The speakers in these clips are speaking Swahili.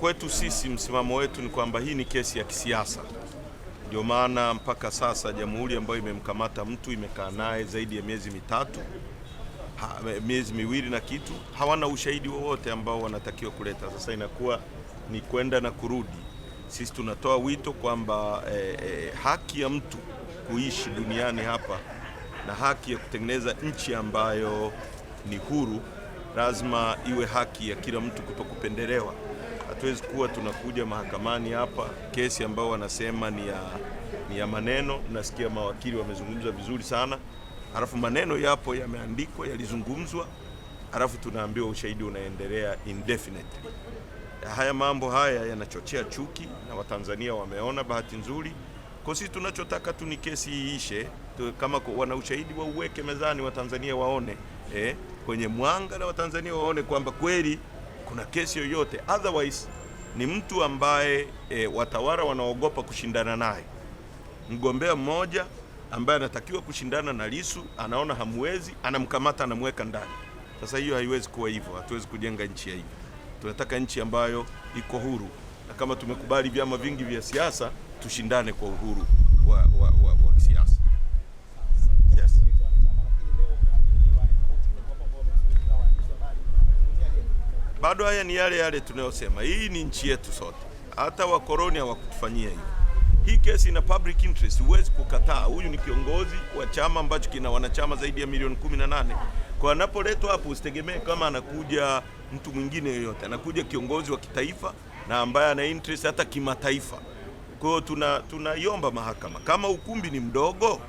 Kwetu sisi msimamo wetu ni kwamba hii ni kesi ya kisiasa, ndio maana mpaka sasa jamhuri ambayo imemkamata mtu imekaa naye zaidi ya miezi mitatu ha, miezi miwili na kitu, hawana ushahidi wowote ambao wanatakiwa kuleta. Sasa inakuwa ni kwenda na kurudi. Sisi tunatoa wito kwamba eh, eh, haki ya mtu kuishi duniani hapa na haki ya kutengeneza nchi ambayo ni huru lazima iwe haki ya kila mtu kutokupendelewa. Hatuwezi kuwa tunakuja mahakamani hapa kesi ambayo wanasema ni ya, ni ya maneno. Nasikia mawakili wamezungumza vizuri sana, halafu maneno yapo yameandikwa, yalizungumzwa, halafu tunaambiwa ushahidi unaendelea indefinitely. Haya mambo haya yanachochea chuki na Watanzania wameona, bahati nzuri kwa sisi. Tunachotaka tu ni kesi iishe kama wana ushahidi wauweke mezani, Watanzania waone eh, kwenye mwanga na Watanzania waone kwamba kweli kuna kesi yoyote, otherwise ni mtu ambaye e, watawala wanaogopa kushindana naye. Mgombea mmoja ambaye anatakiwa kushindana na lisu anaona hamwezi, anamkamata, anamweka ndani. Sasa hiyo haiwezi kuwa hivyo, hatuwezi kujenga nchi ya hivyo. Tunataka nchi ambayo iko huru, na kama tumekubali vyama vingi vya siasa, tushindane kwa uhuru wa, wa, wa, wa kisiasa. bado haya ni yale yale tunayosema, hii ni nchi yetu sote, hata wakoloni hawakutufanyia hiyo. Hii kesi ina public interest, huwezi kukataa. Huyu ni kiongozi wa chama ambacho kina wanachama zaidi ya milioni 18. Kwa anapoletwa hapo, usitegemee kama anakuja mtu mwingine yoyote, anakuja kiongozi wa kitaifa na ambaye ana interest hata kimataifa. Kwa hiyo tuna tunaiomba mahakama, kama ukumbi ni mdogo,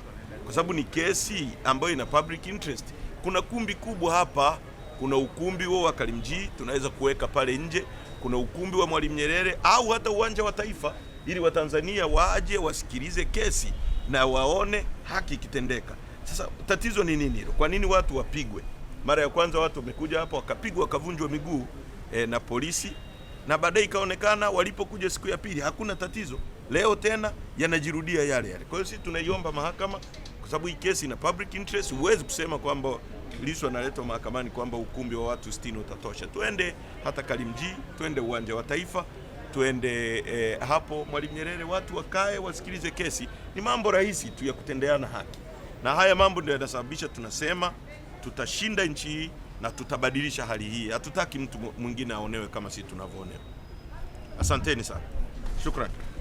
kwa sababu ni kesi ambayo ina public interest, kuna kumbi kubwa hapa kuna ukumbi huo wa Karimjee tunaweza kuweka pale nje, kuna ukumbi wa Mwalimu Nyerere au hata uwanja wa Taifa, ili Watanzania waje wasikilize kesi na waone haki ikitendeka. Sasa tatizo ni nini hilo? Kwa nini watu wapigwe? Mara ya kwanza watu wamekuja hapa wakapigwa wakavunjwa miguu e, na polisi, na baadaye ikaonekana walipokuja siku ya pili hakuna tatizo. Leo tena yanajirudia yale yale. Kwa hiyo sisi tunaiomba mahakama, kwa sababu hii kesi ina public interest, huwezi kusema kwamba Lissu analetwa mahakamani kwamba ukumbi wa watu 60 utatosha, twende hata Karimjee, twende uwanja wa Taifa, twende eh, hapo Mwalimu Nyerere, watu wakae wasikilize kesi. Ni mambo rahisi tu ya kutendeana haki, na haya mambo ndio yanasababisha tunasema tutashinda nchi hii na tutabadilisha hali hii. Hatutaki mtu mwingine aonewe kama sisi tunavyoonewa. Asanteni sana, shukrani.